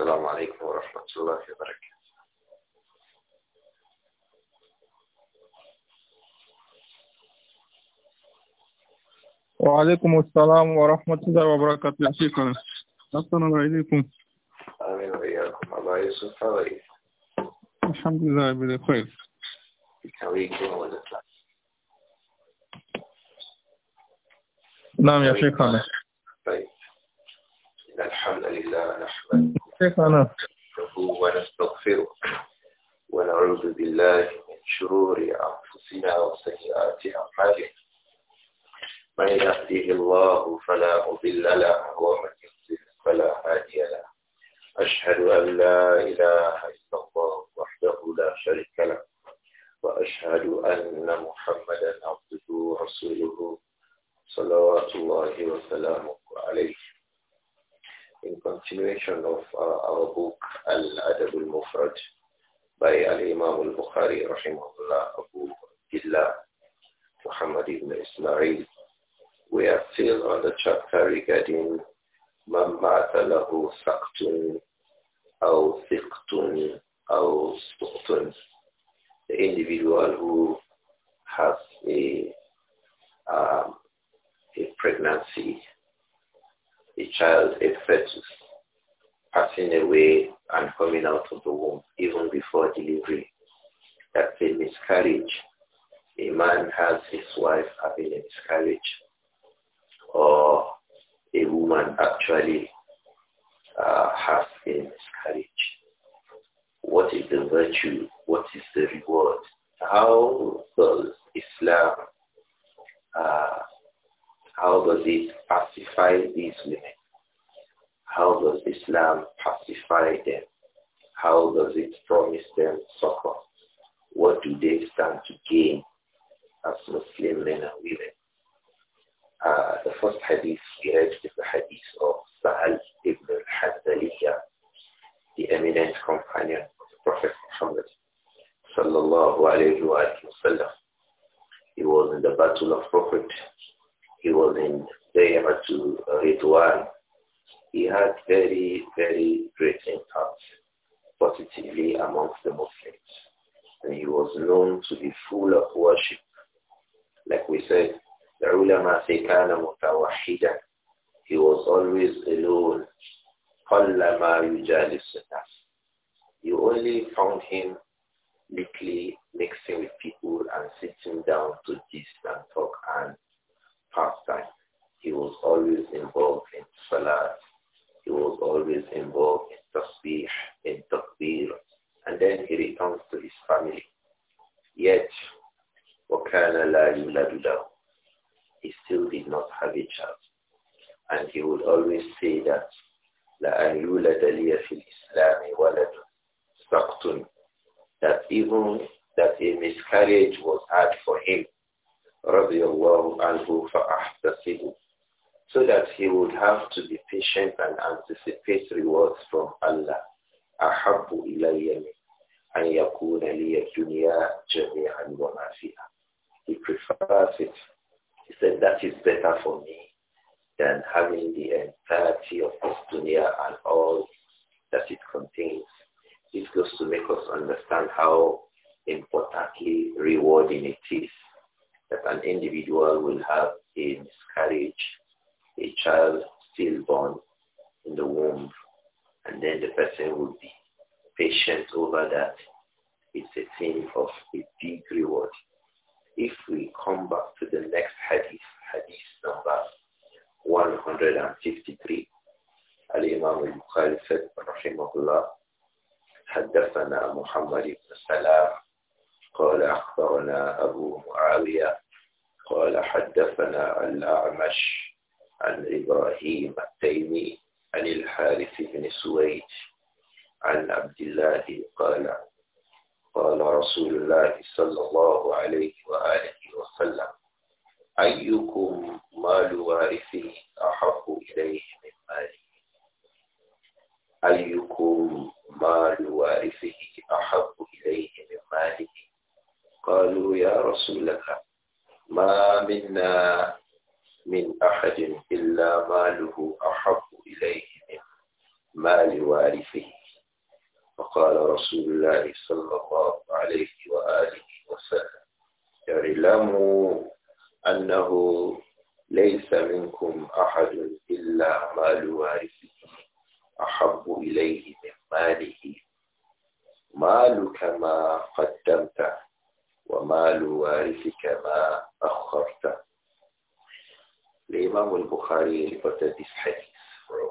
السلام عليكم ورحمة الله وبركاته وعليكم السلام ورحمة الله وبركاته يا شيخنا أحسن آمين وإياكم الله يسوف عليكم إيه؟ الحمد لله بخير نعم يا شيخ طيب إن الحمد لله نحمده شيخنا ونستغفره ونعوذ بالله من شرور أنفسنا وسيئات أعمالنا من يهديه الله فلا مضل له ومن يضلل فلا هادي له أشهد أن لا إله إلا الله وحده لا شريك له وأشهد أن محمدا عبده ورسوله صلوات الله وسلامه عليه in continuation of uh, our book Al-Adab al-Mufrad by Al-Imam al-Bukhari rahimahullah Abu Abdullah Muhammad ibn Ismail. We are still on the chapter regarding man بعث له سقط أو ثقت أو the individual who has a, um, a pregnancy a child a fetus passing away and coming out of the womb even before delivery. That's a miscarriage. A man has his wife having a miscarriage or a woman actually uh, has a miscarriage. What is the virtue? What is the reward? How does Islam uh, how does it pacify these women? How does Islam pacify them? How does it promise them succor? What do they stand to gain as Muslim men and women? Uh, the first hadith we read is the hadith of Sa'al ibn al the eminent companion of the Prophet Muhammad sallallahu alayhi wa sallam. He was in the battle of Prophet he was in Bayatu Ridwan, he had very, very great impact positively amongst the Muslims. And he was known to be full of worship. Like we said, the ulama say kana mutawahida. He was always alone. Qallama yujalis You only found him literally mixing with people and sitting down to gist and talk and pastime. He was always involved in salah. He was always involved in tasbih, in takbir. And then he returns to his family. Yet, وَكَانَ لَا يُولَدُ He still did not have a child. And he would always say that, لَأَنْ يُولَدَ لِيَ فِي الْإِسْلَامِ وَلَدٌ سَقْتٌ That even that a miscarriage was had for him رضي الله عنه so that he would have to be patient and anticipate rewards from Allah. أحب إلي أن يكون لي الدنيا جميعا وما فيها. He prefers it. He said that is better for me than having the entirety of this dunya and all that it contains. This goes to make us understand how importantly rewarding it is that an individual will have a miscarriage, a child stillborn in the womb, and then the person will be patient over that. It's a thing of a big reward. If we come back to the next hadith, hadith number 153, الإمام Imam al رحمه said, حدثنا محمد بن سلام قال أخبرنا أبو معاوية قال حدثنا الأعمش عن إبراهيم التيمي عن الحارث بن سويد عن عبد الله قال قال رسول الله صلى الله عليه وآله وسلم أيكم مال وارثي أحب إليه من ماله أيكم مال وارثه أحب إليه من ماله قالوا يا رسول الله ما منا من أحد إلا ماله أحب إليه من مال وارثه فقال رسول الله صلى الله عليه وآله وسلم اعلموا أنه ليس منكم أحد إلا مال وارثه أحب إليه من ماله مالك ما قدمته وَمَالُ وَارِثِكَ مَا أَخَّرْتَ bukhari reported this hadith from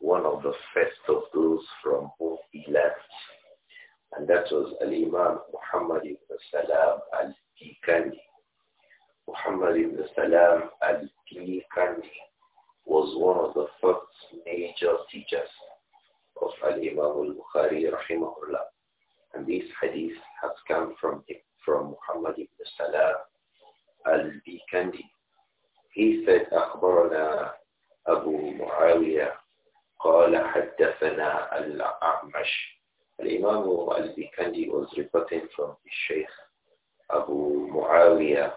one of the first of those from whom he learned. And that was al-Imam Muhammad al-Kikandi. Muhammad ibn Salam al-Kikandi was one of the first major teachers of al-Imam al-Bukhari rahimahullah. And this hadith has come from him. from Muhammad ibn Salah al-Bikandi. He said, أخبرنا أبو معاوية قال حدثنا الأعمش. الإمام al-Bikandi was reporting from his Sheikh Abu Muawiyah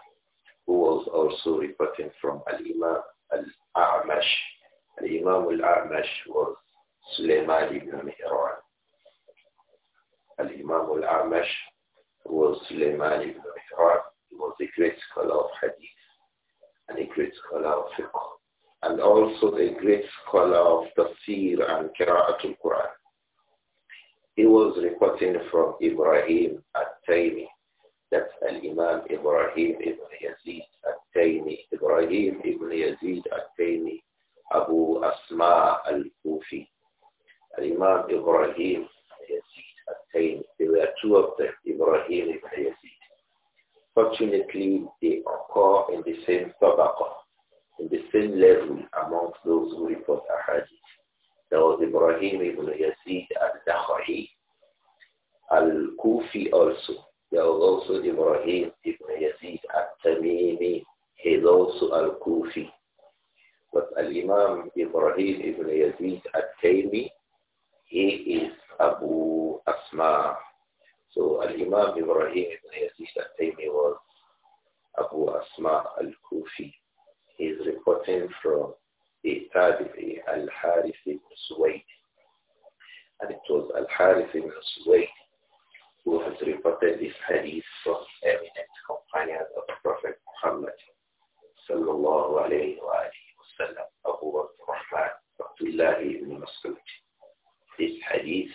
who was also reporting from Al-Imam Al-A'mash. Al-Imam Al-A'mash was Suleiman ibn Mihran. الإمام الأعمش Imam ibn Mihran. He was a great scholar of hadith and a great scholar of fiqh and also a great scholar of tafsir and qira'atul Quran. He was reporting from Ibrahim al-Taymi. That's al-Imam Ibrahim ibn Yazid al-Taymi. Ibrahim ibn Yazid al-Taymi, Abu Asma al-Kufi. Al-Imam Ibrahim Yazid al-Taymi. were two of them, Ibrahim ibn Fortunately, they occur in the same tabaqah, in the same level amongst those who report a hadith. There was Ibrahim ibn Yazid al-Dakhai, al-Kufi also. There was also Ibrahim ibn Yazid al-Tamimi. He's also al-Kufi. But al-Imam Ibrahim ibn Yazid al-Taymi, he is Abu Asma so Al-Imam Ibrahim ibn Yazid al-Taymi was Abu Asma al-Kufi. He's reporting from the Tabi'i al-Harith ibn Suwaid. And it was al-Harith ibn Suwaid who has reported this hadith from eminent companions of the Prophet Muhammad sallallahu alayhi wa alihi wa sallam, Abu Rahman, Abdullah ibn Mas'ud. This hadith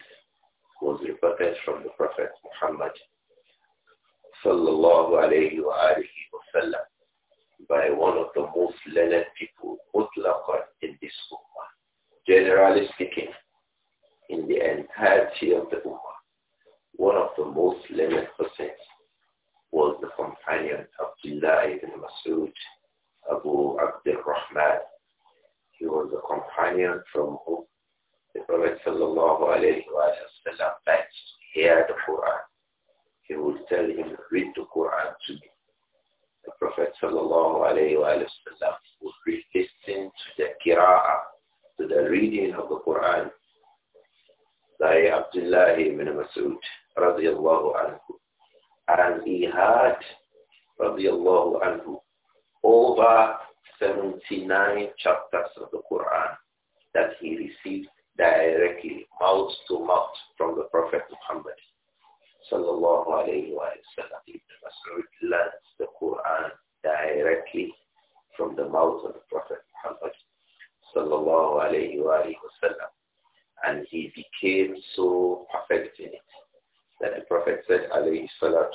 was reported from the Prophet Muhammad sallallahu alayhi wa alihi wa sallam by one of the most learned people mutlaqat in this ummah. Generally speaking, in the entirety of the ummah, one of the most learned persons was the companion Abdullah ibn Masud, Abu Abdul Rahman. He was a companion from whom the Prophet sallallahu alayhi wa sallam liked hear the Quran, he would tell him, read the Quran to me. The Prophet sallallahu alayhi wa sallam would listen to the qira'ah, to the reading of the Quran by Abdullah ibn Mas'ud radiallahu anhu. And he had radiallahu anhu over 79 chapters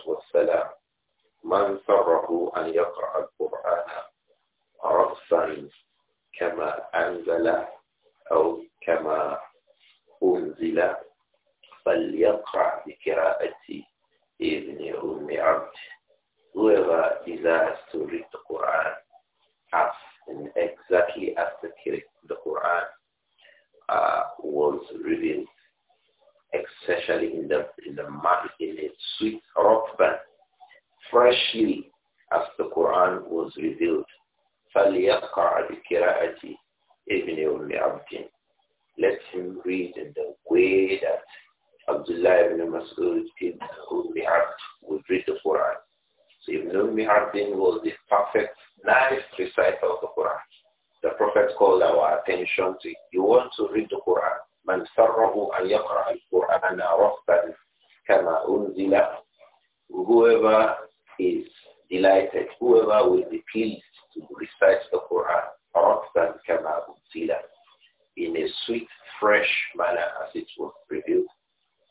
salatu up.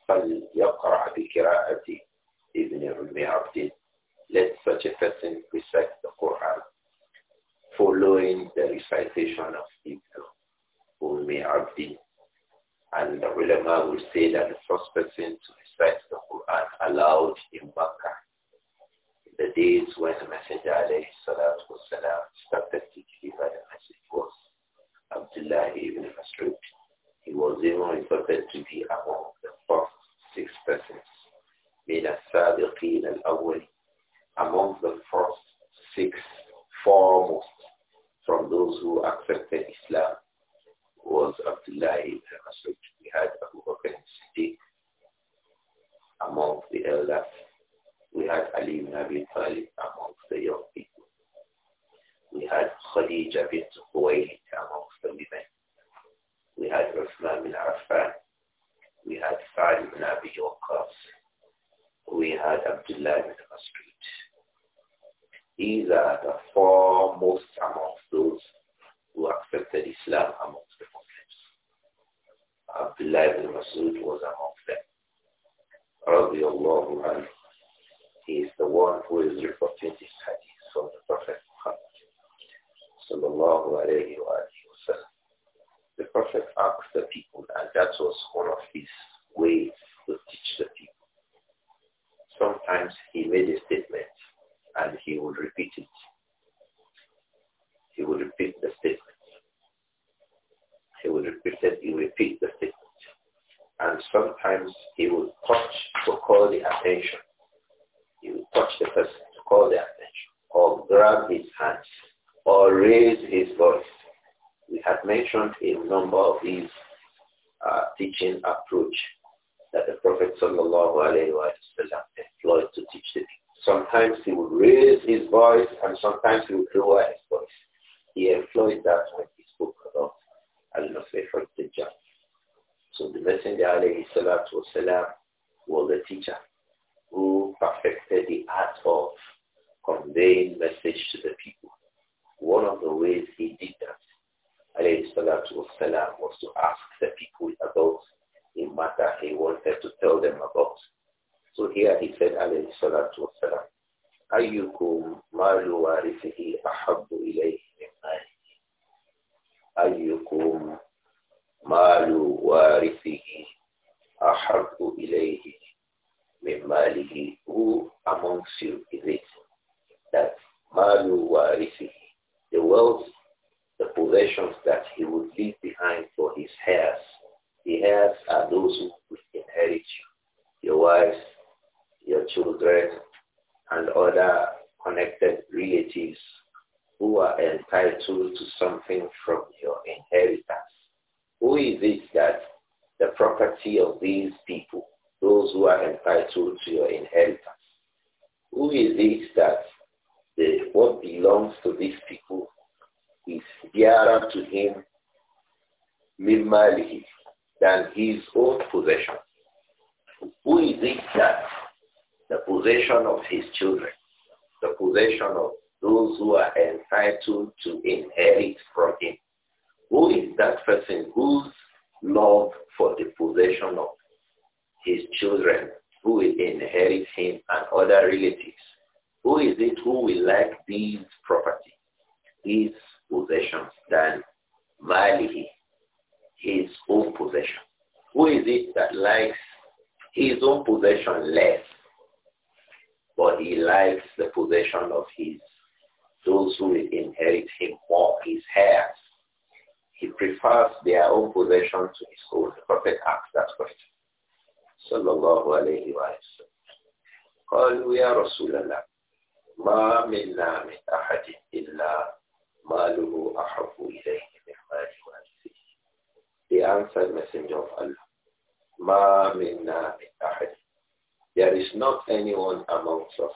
فَلْيَقْرَعْ بِكِرَاءَةِ ابْنِ أُمِّ Let such a person recite the Quran following the recitation of Ibn Ummi Abdi. And the ulama will say that the first person to recite the Quran aloud in Makkah, the days when the Messenger alayhi salatu wasalam started to deliver the message was Abdullah ibn Masrud. He was even reported to be among the first six persons. من السابقين الأولين among the first six foremost from those who accepted Islam was Abdullah ibn Masud. We had Abu Bakr Siddiq among the elders. We had Ali ibn Abi Talib among the young people. We had Khadija bint Khuwaylid Among the women. We had Uthman bin Affan we had Saad would ibn Abi Waqqas. We had Abdullah ibn Masud. These are the foremost amongst those who accepted Islam amongst the Muslims. Abdullah ibn Masud was amongst them. Radiallahu anhu. He is the one who is reporting this hadith from the Prophet Muhammad. Sallallahu alayhi wa alayhi the Prophet asked the people, and that was one of his ways to teach the people. Sometimes he made a statement and he would repeat it. He would repeat the statement. He would repeatedly repeat the statement. And sometimes he would touch to call the attention. He would touch the person to call the attention or grab his hands or raise his voice we have mentioned a number of these uh, teaching approach that the Prophet sallallahu employed to teach the people. Sometimes he would raise his voice and sometimes he would lower his voice. He employed that when he spoke about al-Nusayfat So the Messenger alayhi salatu wasalam was a teacher who perfected the art of conveying message wasalam, was to ask the people about a matter he wanted to tell them about. So here he said, alayhi salatu wasalam, أيكم مال inherit him more, his heirs. He prefers their own possession to his own. The Prophet asked that question. Sallallahu alayhi wa sallam. قالوا يا رسول الله ما منا من أحد إلا ماله أحب إليه من مال والده. The answer, messenger of Allah. ما منا من أحد. There is not anyone amongst us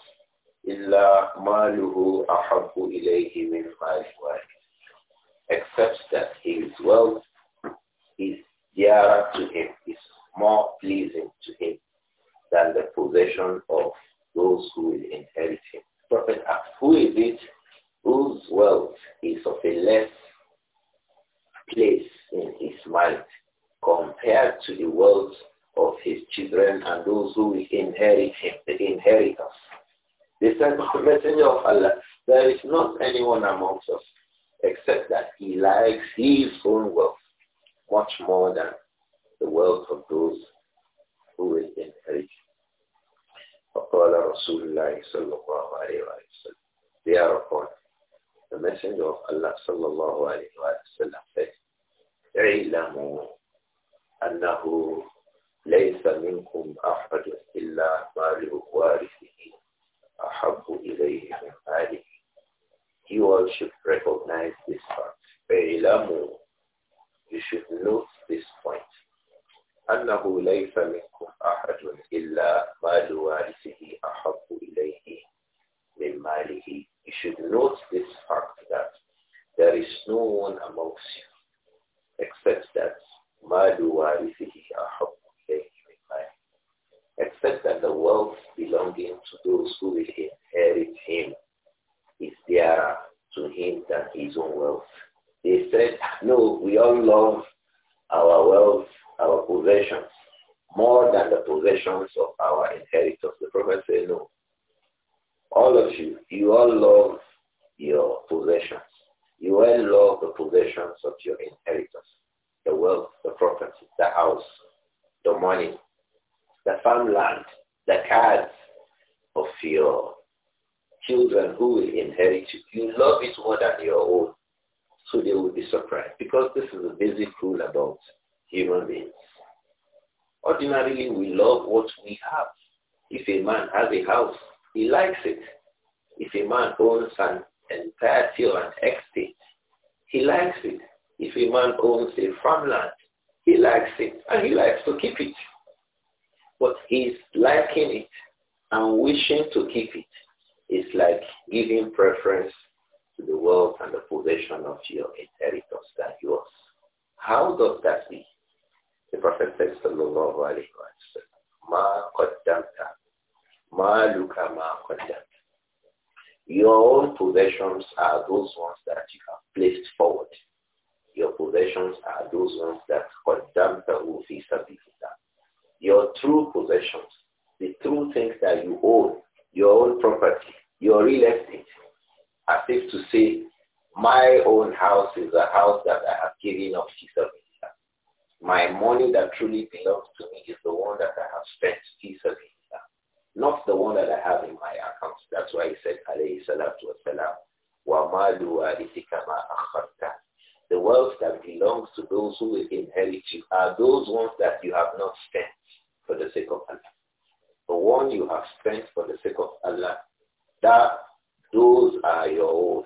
إِلَّا مَالُهُ أَحَبُّ إِلَيْهِ مِنْ Except that his wealth is dearer to him, is more pleasing to him than the possession of those who will inherit him. Prophet asked, who is it whose wealth is of a less place in his mind compared to the wealth of his children and those who will inherit him, the inheritors? They said, the Messenger of Allah, there is not anyone amongst us except that he likes his own wealth much more than the wealth of those who will inherit. فقال رسول الله صلى Thereupon, the Messenger of Allah صلى الله عليه وسلم said, اعلموا أنه ليس منكم أحد إلا مال وارثه you all should recognize this fact. فاعلموا You should note this point. أنه ليس منكم أحد إلا مال وارثه أحب إليه من ماله. You should note this fact that there is no one amongst you except that مال وارثه أحب except that the wealth belonging to those who will inherit him is dearer to him than his own wealth. They said, no, we all love our wealth, our possessions, more than the possessions of our inheritors. The prophet said, no. All of you, you all love your possessions. You all love the possessions of your inheritors, the wealth, the property, the house, the money, the farmland, the cards of your children who will inherit it. You love it more than your own. So they will be surprised because this is a basic rule about human beings. Ordinarily, we love what we have. If a man has a house, he likes it. If a man owns an entire field and estate, he likes it. If a man owns a farmland, he likes it and he likes to keep it. But is liking it and wishing to keep it is like giving preference to the wealth and the possession of your inheritance That yours. How does that be? The Prophet says said, Sallallahu Alaihi Wasallam, Ma qaddamta, ma luka ma qaddamta. Your own possessions are those ones that you have placed forward. Your possessions are those ones that qaddamta fi sabilillah your true possessions, the true things that you own, your own property, your real estate, as if to say, my own house is a house that I have given up to service. My money that truly belongs to me is the one that I have spent to service. Not the one that I have in my account. That's why he said, alayhi salatu wasalam, wa malu The wealth that belongs to those who will inherit you are those ones that you have not spent for the sake of Allah. The one you have spent for the sake of Allah, that those are your own.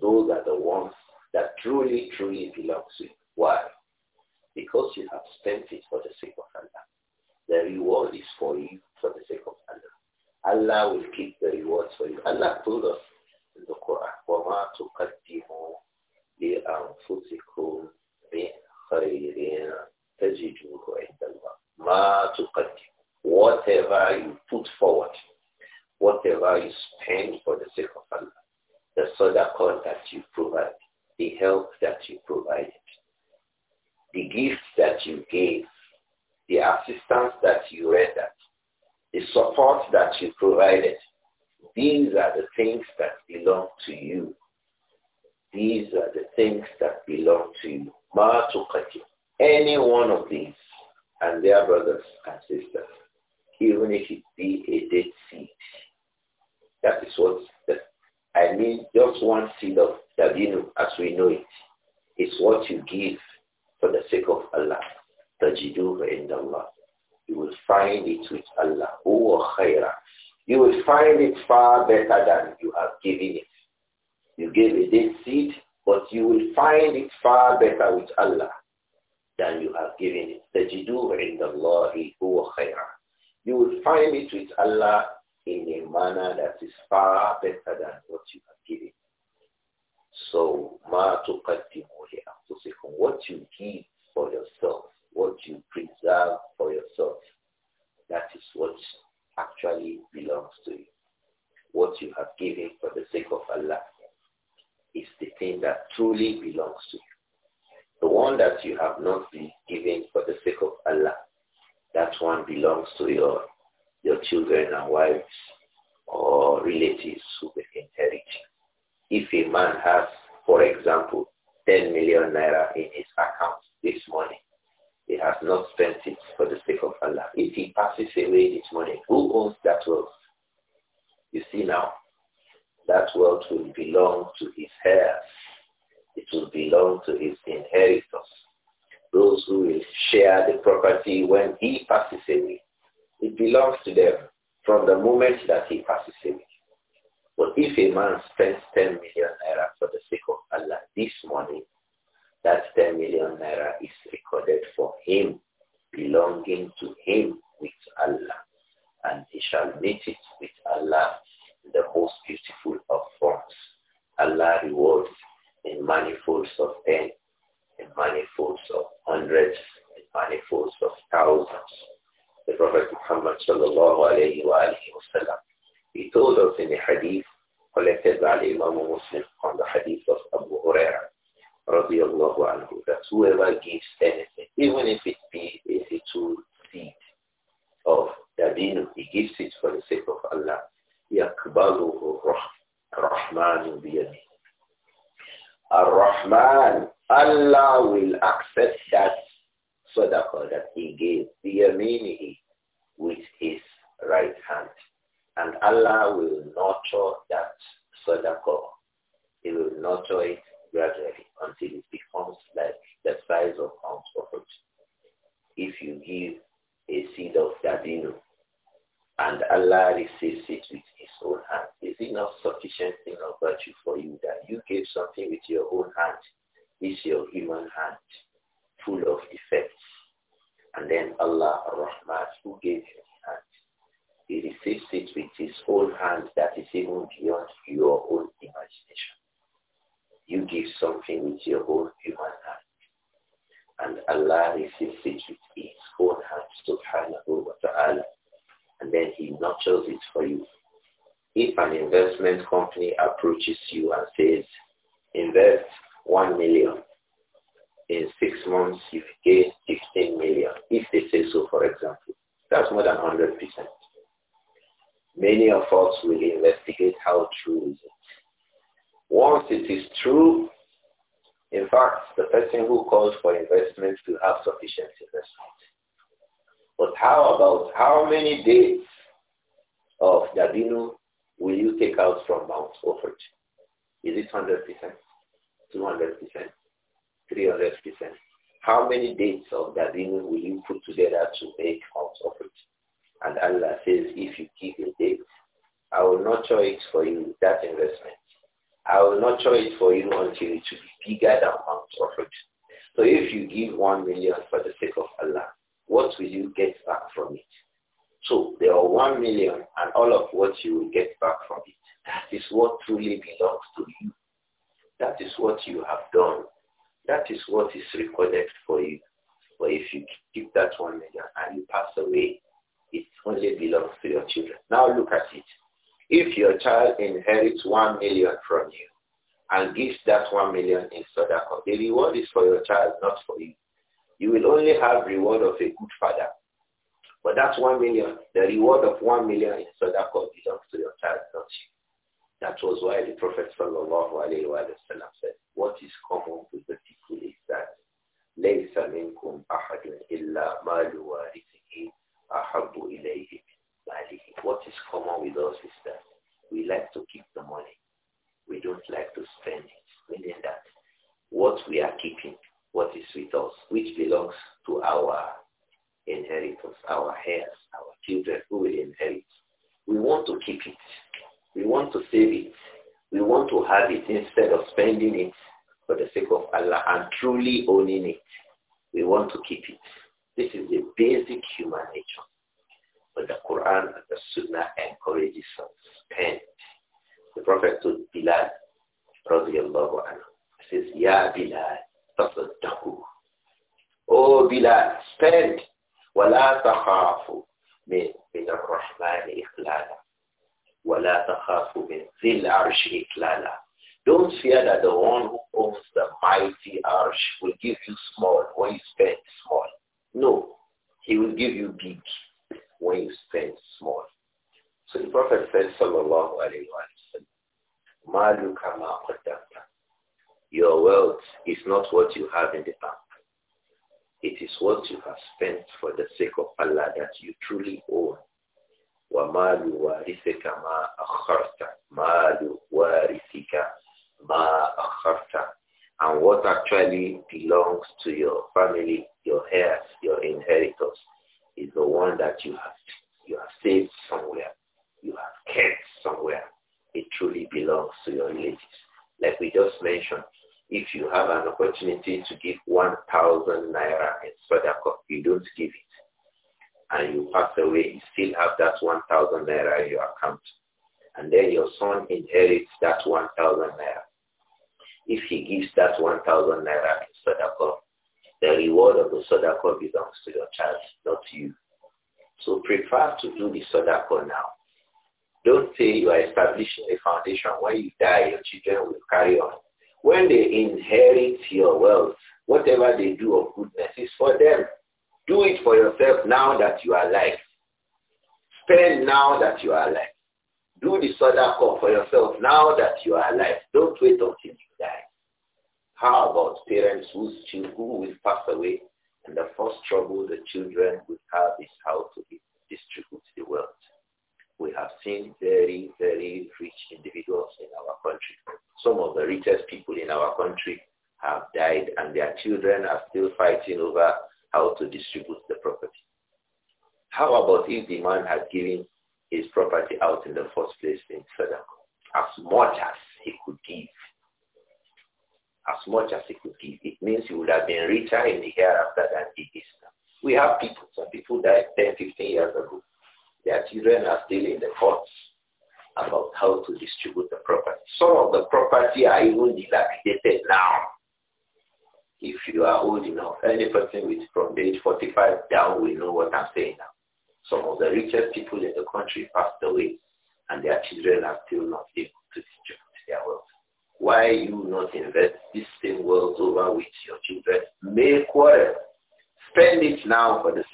Those are the ones that truly, truly belongs to you. Why? Because you have spent it for the sake of Allah. The reward is for you for the sake of Allah. Allah will keep the rewards for you. Allah told us in the Quran, وَمَا تُقَدِّمُوا لِأَنفُسِكُمْ مِنْ خَيْرٍ تَجِدُوهُ عِنْدَ اللَّهِ ma Whatever you put forward, whatever you spend for the sake of Allah, the sadaqah that you provide, the help that you provided, the gift that you gave, the assistance that you rendered, the support that you provided, these are the things that belong to you. These are the things that belong to you. Any one of these and their brothers and sisters, even if it be a dead seed. That is what I mean, just one seed of Davinu as we know it is what you give for the sake of Allah. Tajiduhu in Allah. You will find it with Allah. You will find it far better than you have given it. You gave a dead seed, but you will find it far better with Allah than you have given it. in the اللَّهِ هُوَ خَيْرًا You will find it with Allah in a manner that is far better than what you have given. So, مَا تُقَدِّمُوا لِأَنفُسِكُمْ What you give for yourself, what you preserve for yourself, that is what actually belongs to you. What you have given for the sake of Allah is the thing that truly belongs to you. The one that you have not been given for the sake of Allah, that one belongs to your, your children and wives or relatives who will inherit. If a man has, for example, 10 million naira in his account this morning, he has not spent it for the sake of Allah. If he passes away this morning, who owns that wealth? You see now, that wealth will belong to his heirs it will belong to his inheritors, those who will share the property when he passes away. It belongs to them from the moment that he passes away. But if a man spends 10 million naira for the sake of Allah this morning, that 10 million naira is recorded for him, belonging to him with Allah. And he shall meet it with Allah in the most beautiful of forms. Allah rewards in manifolds of ten, in manifolds of hundreds, in manifolds of thousands. The Prophet Muhammad sallallahu alayhi wa alayhi wa sallam, he told us in the hadith collected by Imam Muslim on the hadith of Abu Huraira radiallahu anhu that whoever gives anything, even if it be a little seed of Dabinu, he gives it for the sake of Allah. يَقْبَلُهُ رَحْمَانُ بِيَدِهِ Ar-Rahman, Allah will accept that sadaqah that he gave, biyaminihi, with his right hand. And Allah will nurture that sadaqah. He will nurture it gradually until it becomes like the size of ounce of it. If you give a seed of dadino, and Allah receives it with his own hand. Is it not sufficient thing of virtue for you that you gave something with your own hand? Is your human hand, full of defects. And then Allah Rahman, who gave you his hand, he receives it with his own hand that is even beyond your own imagination. You give something with your own human hand. And Allah receives it with his own hand, subhanahu wa ta'ala and then he nurtures it for you. If an investment company approaches you and says, invest 1 million, in six months you get 15 million, if they say so, for example, that's more than 100%. Many of us will investigate how true is it. Once it is true, in fact, the person who calls for investment will have sufficient investment. But how about how many days of Dabino will you take out from Mount Ophir? Is it 100%, 200%, 300%? How many dates of Dabino will you put together to make Mount Ophir? And Allah says, if you give a date, I will nurture it for you, that investment. I will nurture it for you until it should be bigger than Mount Ophir. So if you give one million for the sake of Allah, what will you get back from it? So there are one million and all of what you will get back from it. That is what truly belongs to you. That is what you have done. That is what is recorded for you. But if you keep that one million and you pass away, it only belongs to your children. Now look at it. If your child inherits one million from you and gives that one million in sadaqah, the reward is for your child, not for you you will only have reward of a good father. But that's one million. The reward of one million in Sadaqah belongs to your child, not you. That was why the Prophet sallallahu said, what is common to the people is that لَيْسَ مِنْكُمْ أَحَدٌ إِلَّا مَالُ وَارِثِهِ أَحَبُّ إِلَيْهِ مَالِهِ What is common with us is that we like to keep the money. We don't like to spend it, meaning that what we are keeping what is with us, which belongs to our inheritance, our heirs, our children who will inherit. We want to keep it. We want to save it. We want to have it instead of spending it for the sake of Allah and truly owning it. We want to keep it. This is the basic human nature. But the Quran and the Sunnah encourages us to spend. The Prophet told Bilal, radiallahu anhu, says, Ya Bilal, tasaddaqu. Oh Bilal, spend. ولا تخافوا من من الرحمن إخلالا ولا تخافوا من ذي العرش إخلالا Don't fear that the one who owns the mighty arch will give you small when you spend small. No, he will give you big when you spend small. So the Prophet said, Sallallahu Alaihi Wasallam, Maluka ma qaddamta. Your wealth is not what you have in the bank. It is what you have spent for the sake of Allah that you truly own. وَمَالُ وَارِثِكَ مَا أَخَّرْتَ مَالُ وَارِثِكَ مَا أَخَّرْتَ And what actually belongs to your family, your heirs, your inheritors, is the one that you have, you have saved somewhere, you have kept somewhere. It truly belongs to your relatives. Like we just mentioned, if you have an opportunity to give 1,000 naira in Sadaqah, you don't give it and you pass away, you still have that 1,000 naira in your account. And then your son inherits that 1,000 naira. If he gives that 1,000 naira in Sadaqah, the reward of the Sadaqah belongs to your child, not you. So prefer to do the Sadaqah now. Don't say you are establishing a foundation. When you die, your children will carry on. When they inherit your wealth, whatever they do of goodness is for them. Do it for yourself now that you are alive. Spend now that you are alive. Do the call for yourself now that you are alive. Don't wait until you die. How about parents whose children who will pass away and the first trouble the children would have is how to distribute the wealth. We have seen very, very children are still fighting over how to distribute the property. How about if the man had given his property out in the first place in Sadaqah? As much as he could give. As much as he could give. It means he would have been richer in the hereafter than he is now. We have people, some people died 10, 15 years ago. Their children are still in the courts about how to distribute the property. Some of the property are even dilapidated you are old enough, any person with from the age 45 down will know what I'm saying now. Some of the richest people in the country passed away and their children are still not able to distribute their wealth. Why you not invest this same wealth over with your children Make quarrel? Spend it now for the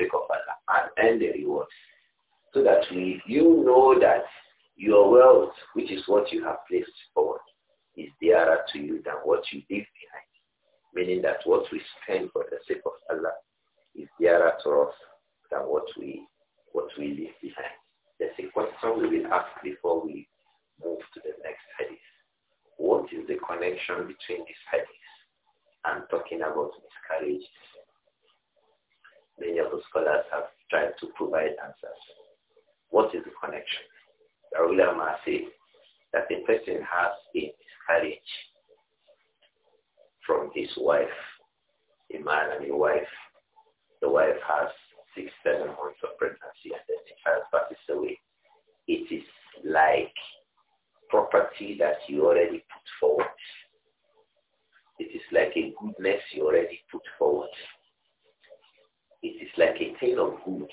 good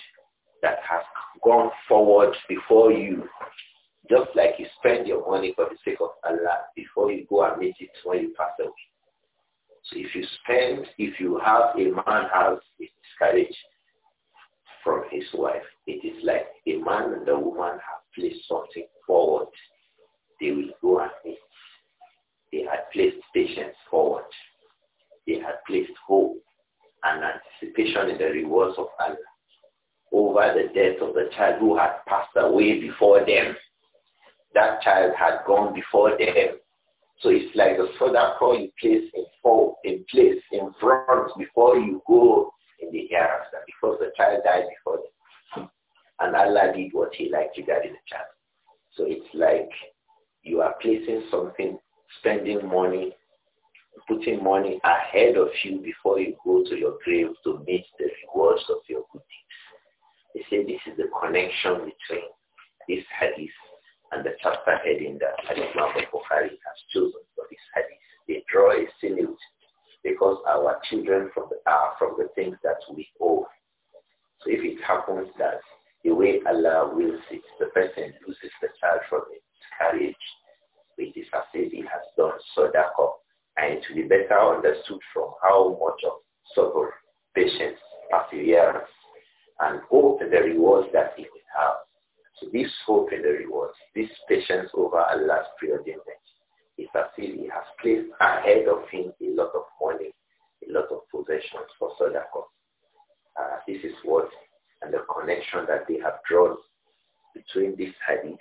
that has gone forward before you. Just like you spend your money for the sake of Allah before you go and meet it when you pass away. So if you spend, if you have a man has a from his wife, it is like a man and a woman have placed something forward. They will go and meet. They had placed patience forward. They had placed hope and anticipation in the rewards of Allah over the death of the child who had passed away before them. That child had gone before them. So it's like the further call you place in, for, in place in front before you go in the hereafter because the child died before them. And Allah did what he liked regarding the child. So it's like you are placing something, spending money, putting money ahead of you before you go to your grave to meet the rewards of your good deeds. They say this is the connection between this hadith and the chapter heading that imam bukhari has chosen for this hadith. They draw a similitude because our children from the, are from the things that we owe. So if it happens that the way Allah wills it, the person loses the child from its carriage, is a if he has done sadaqah and to be better understood from how much of sabr, patience, perseverance, and hope in the rewards that he will have. So this hope in the rewards, this patience over Allah's preordainment, is as if he has placed ahead of him a lot of money, a lot of possessions for Sadaqah. Uh, this is what, and the connection that they have drawn between this hadith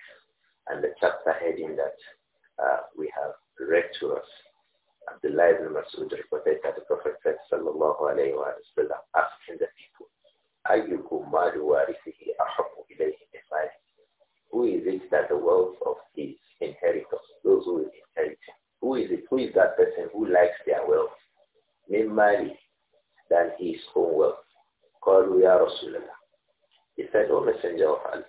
and the chapter heading that uh, we have read to us. Abdullah ibn Masud reported that the Prophet said, Sallallahu Alaihi asking the people, أيكم مال وارثه أحب إليه من ماله Who is it that the wealth of his inheritors, those who inherit? Who is it? Who is that person who likes their wealth? Min mali than his own wealth. قالوا يا رسول الله. He said, O Messenger of Allah,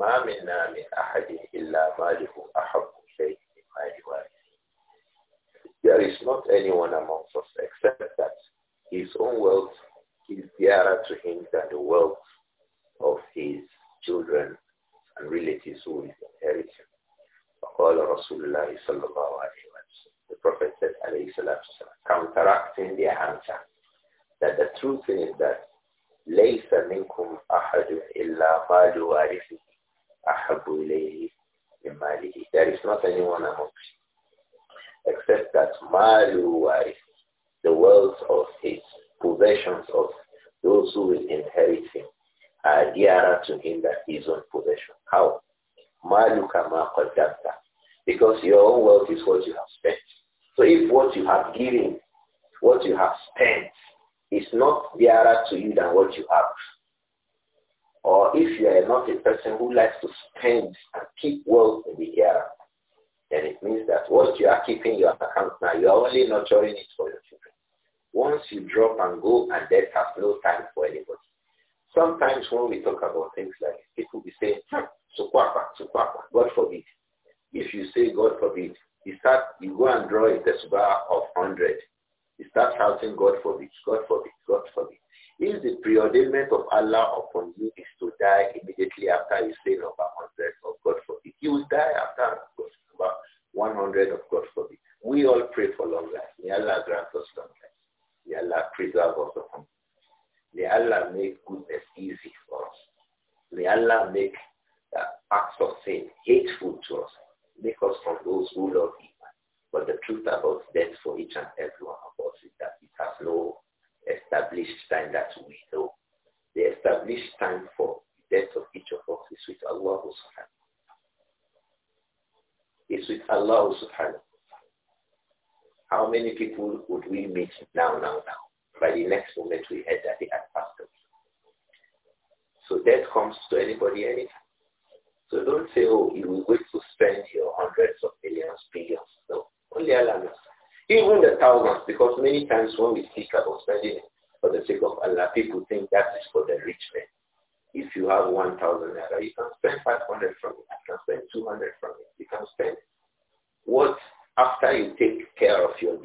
ما منا من أحد إلا ماله أحب إليه من مال وارثه. There is not anyone amongst us except that his own wealth is dearer to him than the wealth of his children and relatives who will inherit him. The Prophet said, counteracting their answer, that the truth is that ليس منكم أحد إلا مال وارثه أحب إليه من ماله. There is not anyone amongst you except that مال وارثه, the wealth of his possessions of those who will inherit him are dearer to him than his own possession. How? Because your own wealth is what you have spent. So if what you have given, what you have spent, is not dearer to you than what you have, or if you are not a person who likes to spend and keep wealth in the air, then it means that what you are keeping your account now, you are only nurturing it for your children. Once you drop and go and death has no time for anybody. Sometimes when we talk about things like people will say, hmm, Sukwapa, Sukwapa, God forbid. If you say God forbid, you start, you go and draw a tesubah of 100. You start shouting God forbid, God forbid, God forbid. If the preordainment of Allah upon you is to die immediately after you say number 100 of God forbid, you will die after number 100 of God forbid. We all pray for long life. May Allah grant us long life. May Allah preserve us from. May Allah make goodness easy for us. May Allah make uh, acts of sin hateful to us. Make us from those who love Him. But the truth about death for each and every one of us is that it has no established time that we know. The established time for death of each of us is with Allah subhanahu. It's with Allah subhanahu many people would we meet now, now, now? By the next moment, we heard that they had passed away. So death comes to anybody anytime. So don't say, oh, you will wait to spend your hundreds of millions, billions. No, only Allah knows. Even the thousands, because many times when we speak about spending for the sake of Allah, people think that is for the rich men. If you have 1,000 naira, you can spend 500 from it. You can spend 200 from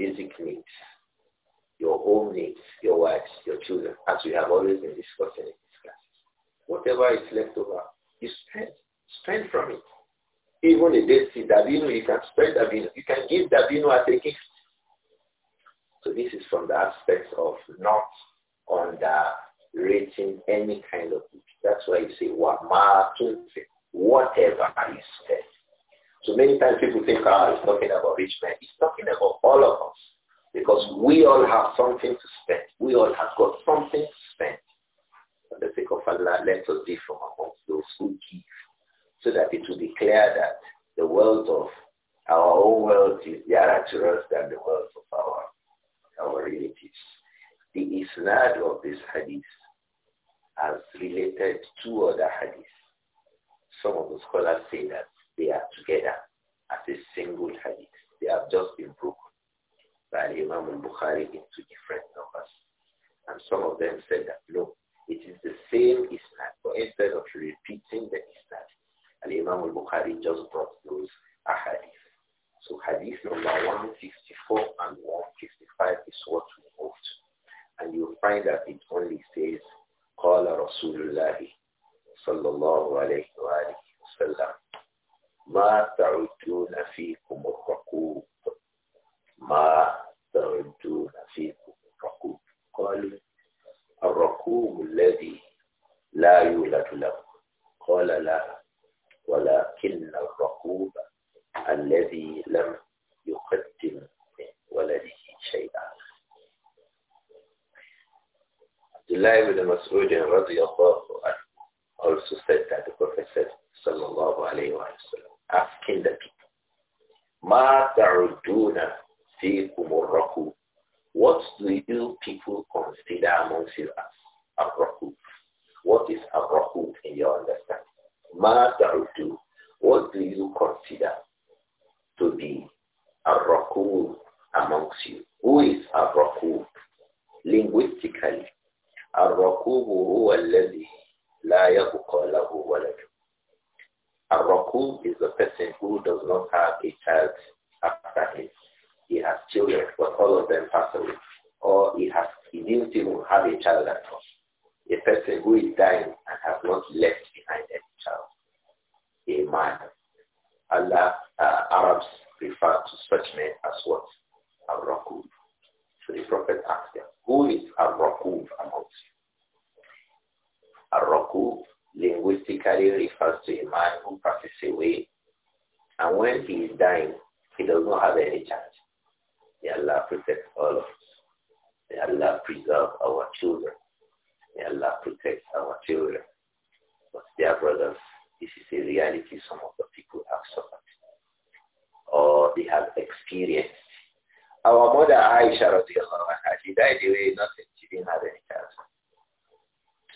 basic needs, your home needs, your wives, your children, as we have always been discussing in these Whatever is left over, you spend, spend from it. Even a date seed, Davino, you can spend Davino. You can give Davino as a gift. So this is from the aspect of not underrating any kind of gift. That's why you say, Wama whatever is spent. So many times people think, ah, oh, it's talking about rich men. find that it only says, Qala Rasulullah sallallahu alayhi wa Ma ta'ud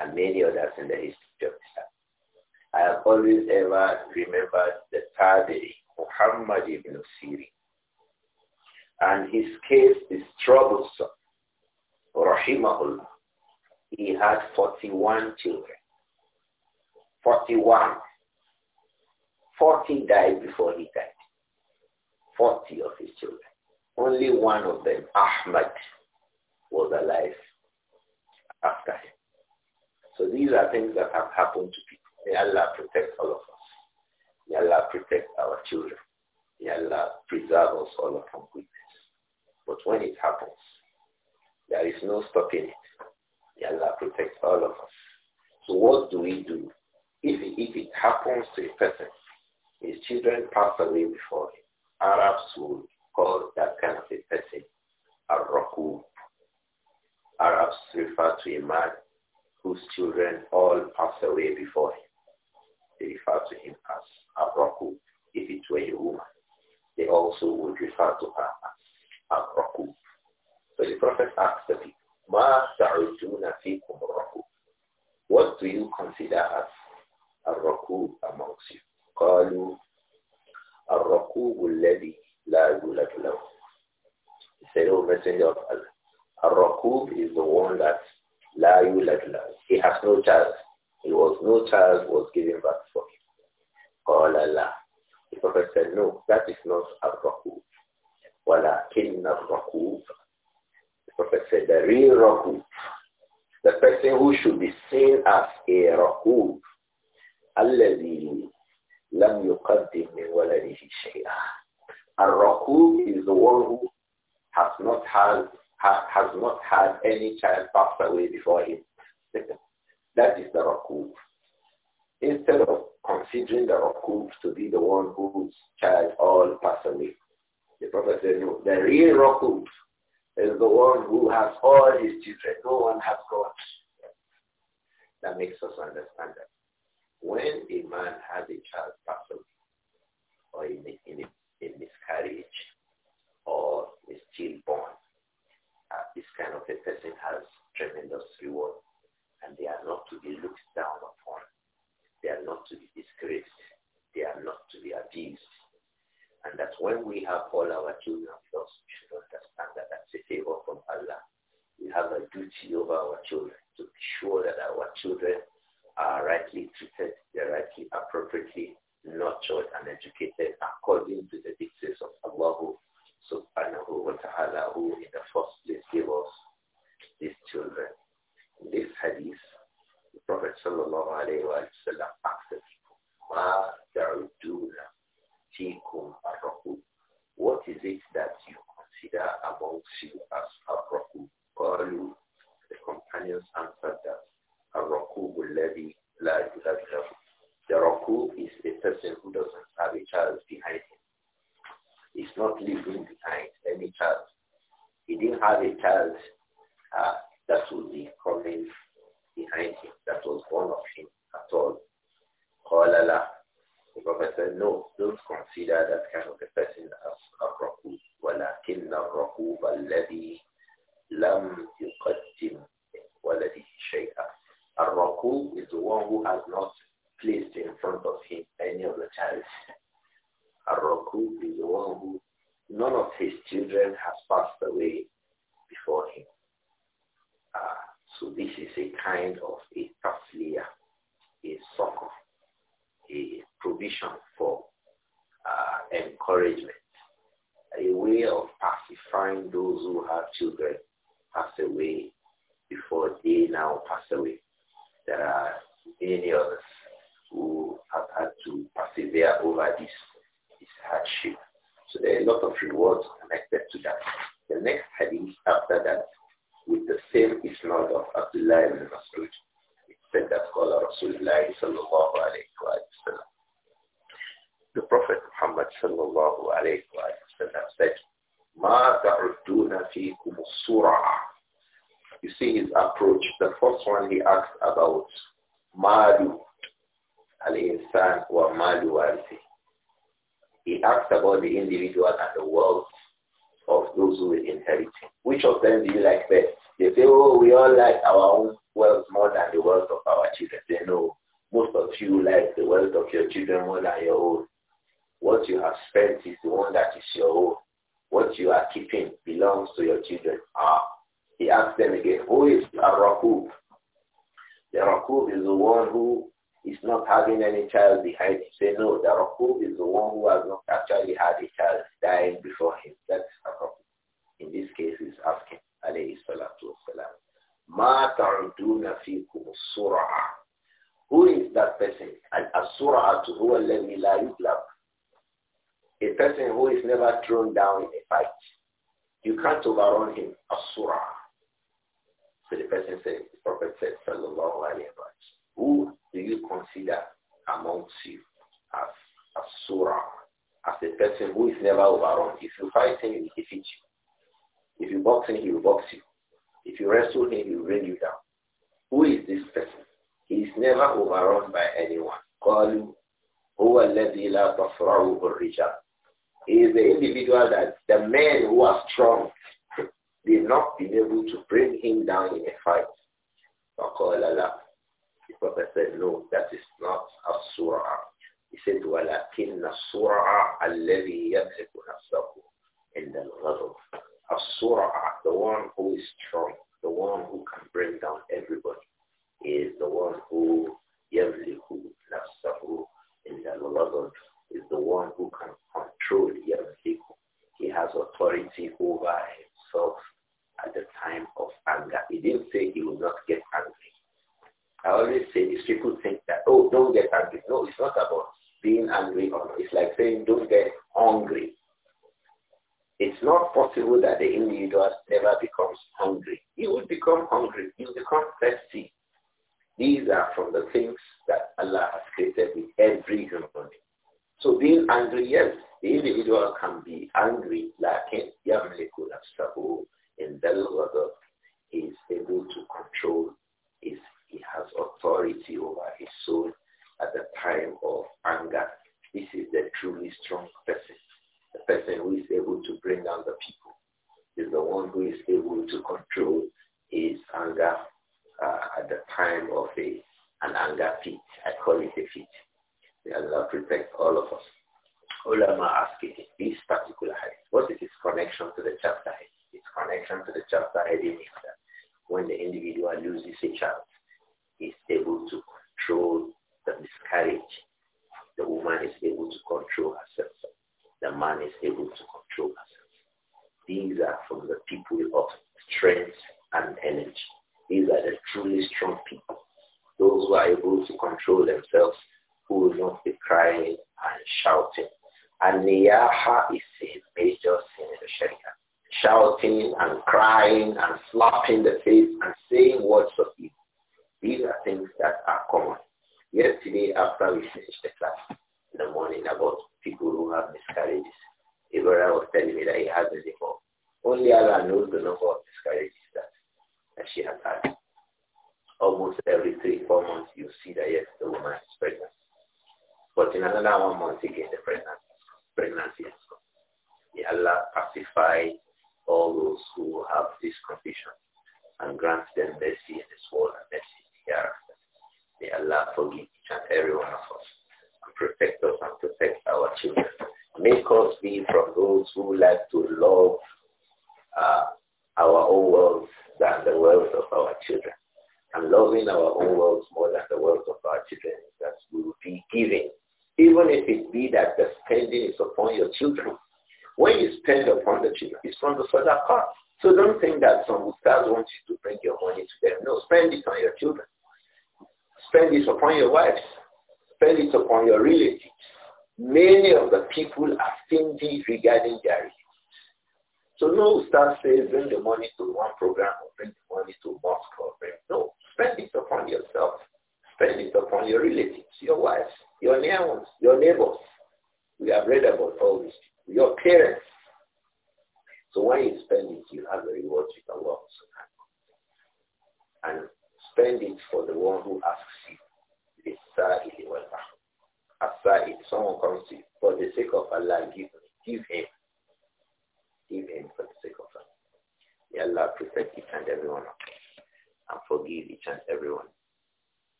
and many others in the history of Islam. I have always ever remembered the Tabi'i, Muhammad ibn Sirin. And his case is troublesome. Rahimahullah. He had 41 children. 41. 40 died before he died. 40 of his children. Only one of them, Ahmad, was alive after him. So these are things that have happened to people. May Allah protect all of us. May Allah protect our children. May Allah preserve us all from weakness. But when it happens, there is no stopping it. May Allah protect all of us. So what do we do? If it, if it happens to a person, his children pass away before him. Arabs will call that kind of a person a rakou. Arabs refer to a man whose children all passed away before him. They refer to him as Abraku. If it were a woman, they also would refer to her as Abraku. So the prophet asked the people, Ma ta'uduna fikum What do you consider as Abraku amongst you? قالوا الركوب الذي لا يولد له. He said, O Messenger of Allah, a rakub is the one that La yulad lahu. He has no child. He was no child was given birth for him. Oh la. la. The Prophet said, no, that is not al-Raqub. Walakin al-Raqub. The Prophet said, the real Raqub. The person who should be seen as a Raqub. الذي lam yuqaddim من ولده شييا A Al-Raqub is the one who has not had ha, has not had any child pass away before him. that is the Rakub. Instead of considering the Rakub to be the one whose child all passed away, the Prophet said, no, the real Rakub is the one who has all his children. No one has got. That makes us understand that when a man has a child pass away, or in a, in a, a miscarriage, or is stillborn, uh, this kind of a person has tremendous reward and they are not to be looked down upon. They are not to be disgraced. They are not to be abused. And that when we have all our children with us, we should understand that that's a favor from Allah. We have a duty over our children to be sure that our children are rightly treated, they're rightly, appropriately nurtured and educated according to the dictates of Allah subhanahu wa ta'ala who in the first place gave us these children. In this hadith, the Prophet sallallahu alayhi wa sallam asked the people, Ma da'uduna fikum arraku. What is it that you consider amongst you as arraku? Qalu, the companions answered that, arraku alladhi la yuladhi The raku is a person who doesn't have a child behind him is not leaving behind any child. He didn't have a child uh, that would be coming behind him, that was born of him at all. la, The Prophet said, no, don't consider that kind of a person as a rakub. ولكن الركوب الذي لم يقدم ولده شيئا. A is the one who has not placed in front of him any of the child. Ar-Rakub is the one who none of his children has passed away before him. Uh, so this is a kind of a tasliya, a succor, a provision for uh, encouragement, a way of pacifying those who have children pass away before they now pass away. There are many others who have had to persevere over this hardship. So there are a lot of rewards connected to that. The next hadith after that, with the same isnad of Abdullah ibn Mas'ud, it said that Qala Rasulullah sallallahu alayhi wa sallam. The Prophet Muhammad sallallahu alayhi wa sallam said, مَا تَعُدُّونَ فِيكُمُ السُّرَعَ You see his approach. The first one he asked about مَالُ الْإِنسَانِ وَمَالُ وَارِثِهِ he asked about the individual and the world of those who will inherit him. Which of them do you like best? They say, oh, we all like our own wealth more than the wealth of our children. They know most of you like the wealth of your children more than your own. What you have spent is the one that is your own. What you are keeping belongs to your children. Ah, he asked them again, who is a The Rakub is the one who is not having any child behind him. Say, no, the Rakub is the one who has not actually had a child dying before him. That's Rakub. In this case, he's asking, alayhi salatu wasalam, ma ta'uduna fikum Who is that person? Al-sura'atu huwa alladhi la yuglab. A person who is never thrown down in a fight. You can't overrun him. As-sura'ah. So the person said, the Prophet said, sallallahu alayhi wa who do you consider amongst you as a surah, as a person who is never overrun? If you fight him, he defeat you. If you box him, he will box you. If you wrestle him, he will bring you down. Who is this person? He is never overrun by anyone. قالوا هو الذي He is the individual that the men who are strong did not be able to bring him down in a fight. Prophet said, no, that is not a surah. He said, وَلَكِنَّ السُّرَعَ الَّذِي يَمْلِكُ نَفْسَهُ عِنْدَ الْغَضَبِ asura. the one who is strong, the one who can bring down everybody, is the one who يَمْلِكُ نَفْسَهُ عِنْدَ الْغَضَبِ is the one who can control يَمْلِكُ He has authority over himself at the time of anger. He didn't say he will not get angry. I always say this, people think that, oh, don't get angry. No, it's not about being angry or not. It's like saying don't get hungry. It's not possible that the individual never becomes hungry. He will become hungry. would become thirsty. These are from the things that Allah has created with every human being. So being angry, yes, the individual can be angry, lacking yamliku nafsahu in the He is able to control his he has authority over his soul at the time of anger. This is the truly strong person. The person who is able to bring down the people is the one who is able to control his anger uh, at the time of a, an anger fit. I call it a fit. May Allah protect all of us. Ulama asking this particular head. what is its connection to the chapter Its connection to the chapter head is that when the individual loses a child, is able to control the miscarriage. The woman is able to control herself. The man is able to control herself. These are from the people of strength and energy. These are the truly strong people. Those who are able to control themselves, who will not be crying and shouting. And niyaha is a major sin in the Sharia. Shouting and crying and slapping the face and saying Yesterday, after we finished the class in the morning about people who have miscarriages, a was telling me that he has a report. Only Allah knows the number of miscarriages that, that she has had. Almost every three, four months, you see that yes, the woman is pregnant. But in another one month again, the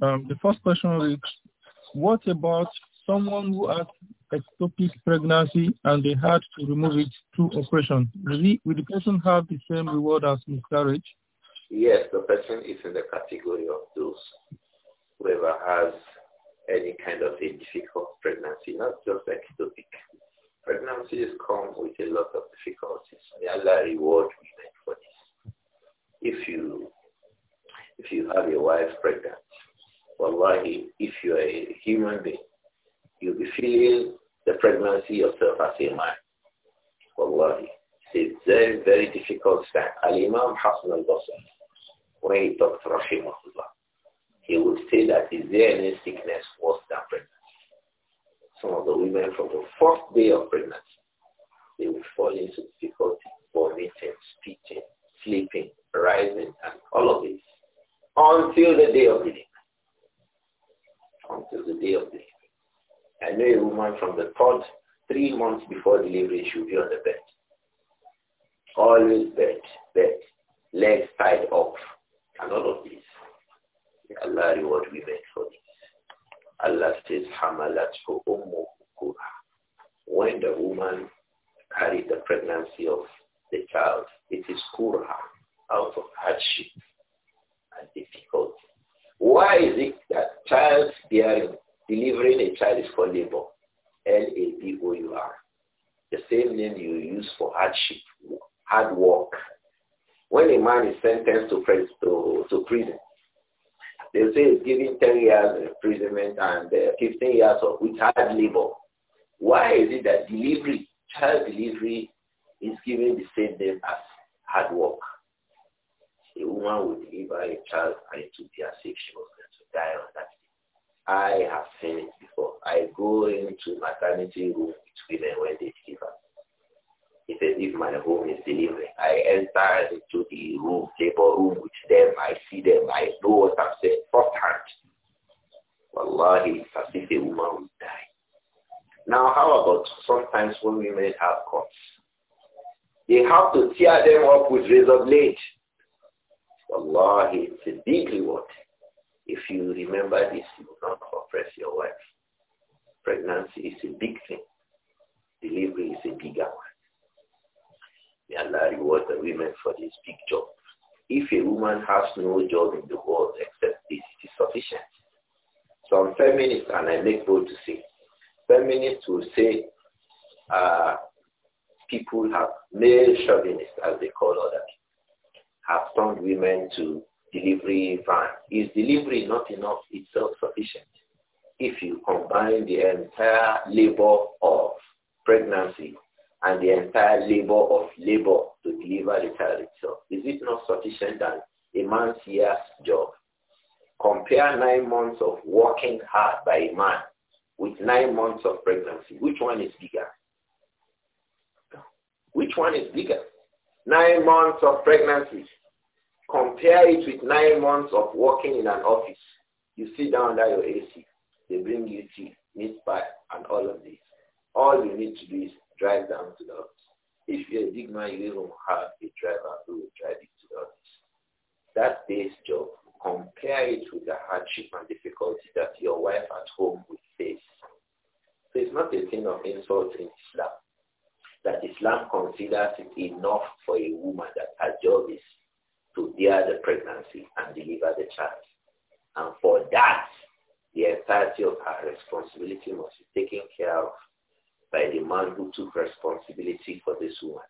Um, the first question is, what about someone who has ectopic pregnancy and they had to remove it through operation? Will, he, will the person have the same reward as miscarriage? Yes, the person is in the category of those whoever has any kind of a difficult pregnancy, not just ectopic. Pregnancies come with a lot of difficulties. The Allah reward if you if you have a wife pregnant, wallahi, if you are a human being, you'll be feeling the pregnancy yourself as a man. Wallahi. It's a very, very difficult time. Al-Imam Hassan al-Basri, when he talked to Rahimahullah, he would say that is there any sickness worse than pregnancy? Some of the women from the first day of pregnancy, they would fall into difficulty, vomiting, spitting, sleeping, rising, and all of this until the day of the Until the day of delivery. I know a woman from the third, three months before delivery, should be on the bed. Always bed, bed, legs tied up, and all of this. Allah reward women for this. Allah says, Hamalat When the woman carried the pregnancy of the child, it is Kurha out of hardship and difficulty. Why is it that child bearing, delivering a child is called labor? L-A-B-O-U-R. The same name you use for hardship, hard work. When a man is sentenced to, to, to prison, they say it's given 10 years imprisonment and uh, 15 years of with hard labor. Why is it that delivery, child delivery, is given the same name as hard work? a woman would deliver a child and it will be as if she was going to die on that day. I have seen it before. I go into maternity room with women when they deliver. It says if my home is delivering, I enter into the room, labor room with them. I see them. I know what I'm saying firsthand. Wallahi, it's as if a woman would die. Now, how about sometimes when women have cuts? They have to tear them up with razor blade Wallahi, it's a big reward. If you remember this, you will not oppress your wife. Pregnancy is a big thing. Delivery is a bigger one. May Allah reward the women for this big job. If a woman has no job in the world except this, it is sufficient. Some feminists, and I make bold to say, feminists will say uh, people have male chauvinists, as they call other people have turned women to delivery vans. Is delivery not enough It's not sufficient? If you combine the entire labor of pregnancy and the entire labor of labor to deliver the child itself, is it not sufficient than a man's year's job? Compare nine months of working hard by a man with nine months of pregnancy. Which one is bigger? Which one is bigger? Nine months of pregnancy Compare it with nine months of working in an office. You sit down under your AC. They bring you tea, meat pie, and all of this. All you need to do is drive down to the office. If you're a big man, you even have a driver who will drive you to the office. That day's job, compare it with the hardship and difficulty that your wife at home will face. So it's not a thing of insult in Islam. That Islam considers it enough for a woman that her job is to bear the pregnancy and deliver the child. And for that, the entirety of her responsibility must be taken care of by the man who took responsibility for this woman.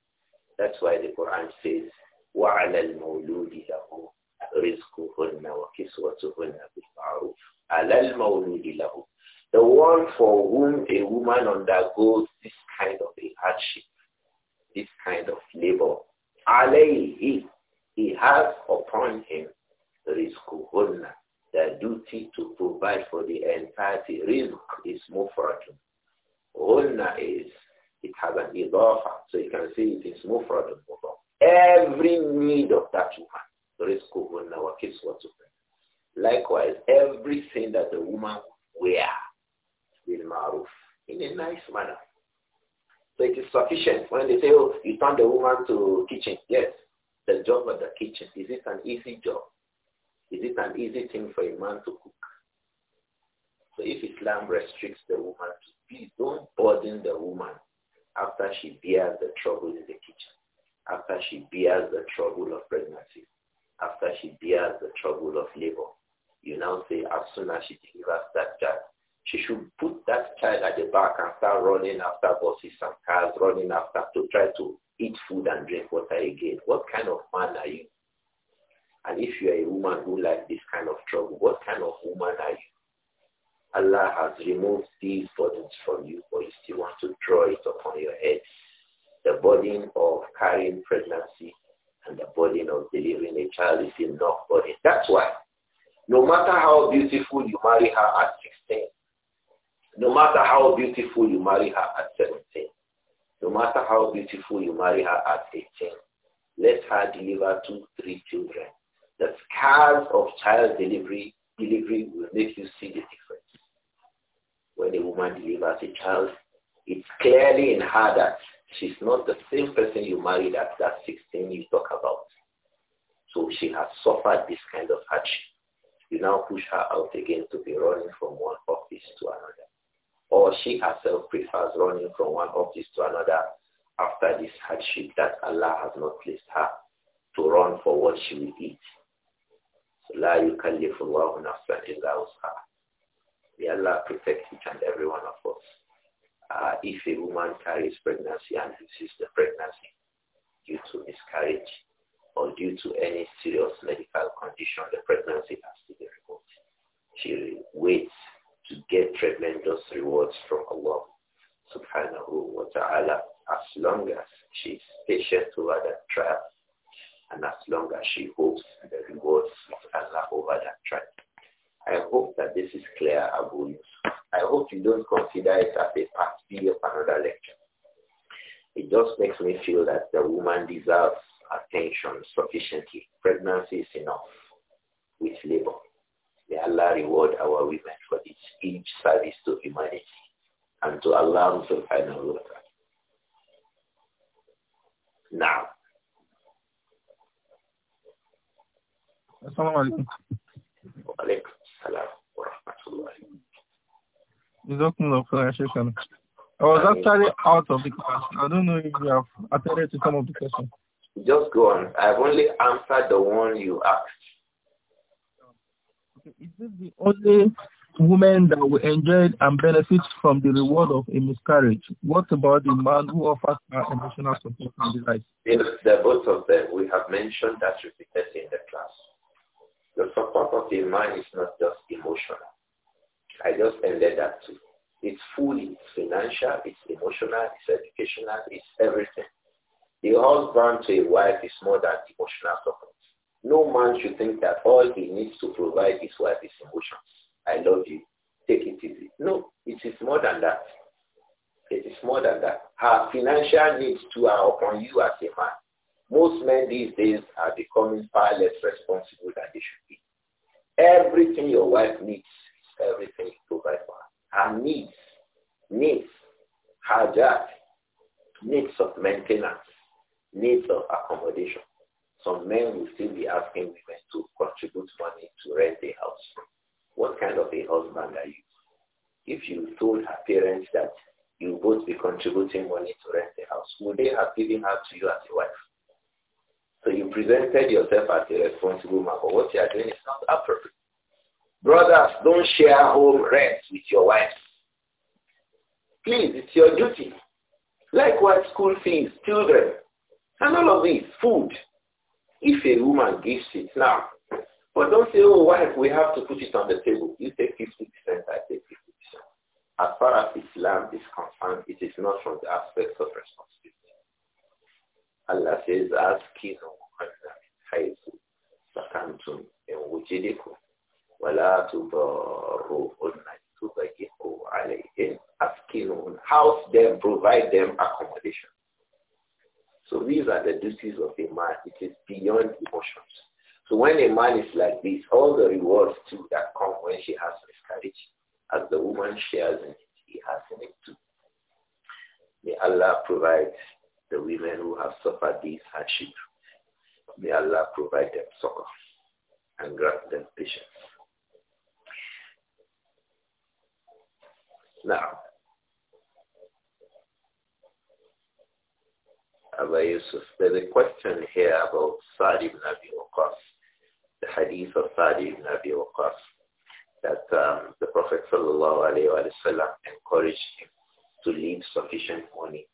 That's why the Quran says, وَعَلَى الْمَوْلُودِ لَهُ رِزْقُهُنَّ وَكِسْوَتُهُنَّ بِالْمَعْرُوفِ عَلَى الْمَوْلُودِ لَهُ The one for whom a woman undergoes this kind of a hardship, this kind of labor, عَلَيْهِ he has upon him rizquhunna, the duty to provide for the entirety. Risk is mufradun. Hunna is, it has an idafa, so you can see it is mufradun. Every need of that woman, rizquhunna wa kiswatuhunna. Likewise, everything that the woman wear will maruf in a nice manner. So it is sufficient when they say, oh, you turn the woman to kitchen. Yes, the job of the kitchen, is it an easy job? Is it an easy thing for a man to cook? So if Islam restricts the woman, please don't burden the woman after she bears the trouble in the kitchen, after she bears the trouble of pregnancy, after she bears the trouble of labor. You now say as soon as she delivers that child, she should put that child at the back and start running after buses and cars, running after to try to eat food and drink water again. What kind of man are you? And if you are a woman who likes this kind of trouble, what kind of woman are you? Allah has removed these burdens from you, but you still want to draw it upon your head. The burden of carrying pregnancy and the burden of delivering a child is enough burden. That's why, no matter how beautiful you marry her at 16, no matter how beautiful you marry her at 17, no matter how beautiful you marry her at 18, let her deliver two, three children. The scars of child delivery, delivery will make you see the difference. When a woman delivers a child, it's clearly in her that she's not the same person you married at that 16 you talk about. So she has suffered this kind of hardship. You now push her out again to be running from one or she herself prefers running from one office to another after this hardship that Allah has not placed her to run for what she will eat. So la yukallifu Allahu nafsan illa wus'aha. May Allah protect each and every one of us. Uh, if a woman carries pregnancy and loses the pregnancy due to miscarriage or due to any serious medical condition, the pregnancy has to be removed. She waits to get tremendous rewards from Allah subhanahu wa ta'ala as long as she is patient over that trial and as long as she hopes the rewards of Allah over that trial. I hope that this is clear, Abu I hope you don't consider it as a part B of another lecture. It just makes me feel that the woman deserves attention sufficiently. Pregnancy is enough with labor. May Allah reward our women for this huge service to humanity and to Allah subhanahu wa ta'ala. Now. Assalamu alaikum. Wa alaikum salam wa rahmatullahi. I was actually out of the class. I don't know if you have attended to some of the questions. Just go on. I've only answered the one you asked is this the only woman that will enjoy and benefit from the reward of a miscarriage? What about the man who offers her emotional support and delight? Yes, the both of them. We have mentioned that repeatedly in the class. The support of the man is not just emotional. I just ended that too. It's fully financial, it's emotional, it's educational, it's everything. The husband to a wife is more than emotional support. No man should think that all he needs to provide his wife is emotions. I love you. Take it easy. No, it is more than that. It is more than that. Her financial needs too are upon you as a man. Most men these days are becoming far less responsible than they should be. Everything your wife needs is everything you provide for her. Her needs, needs, her job, needs of maintenance, needs of accommodation some men will still be asking women to contribute money to rent a house. What kind of a husband are you? If you told her parents that you both be contributing money to rent a house, would they have given her to you as a wife? So you presented yourself as a responsible man, but what you are doing is not appropriate. Brothers, don't share home rent with your wives. Please, it's your duty. Likewise, school fees, children, and all of these, food. If a woman gives it now, but don't say, oh, wife, we have to put it on the table. You take 50%, I take 50%. As far as Islam is concerned, it is not from the aspect of responsibility. Allah says, "Ask anna haythu house them, provide them accommodation. So these are the duties of a man. It is beyond emotions. So when a man is like this, all the rewards too that come when she has miscarriage, as the woman shares in it, he has in it too. May Allah provide the women who have suffered this hardship. May Allah provide them succor and grant them patience. Now, Yusuf. There's a question here about Sa'd ibn Abi Waqqas, the hadith of Sa'd ibn Abi Waqqas, that um, the Prophet sallallahu alayhi wa sallam encouraged him to leave sufficient money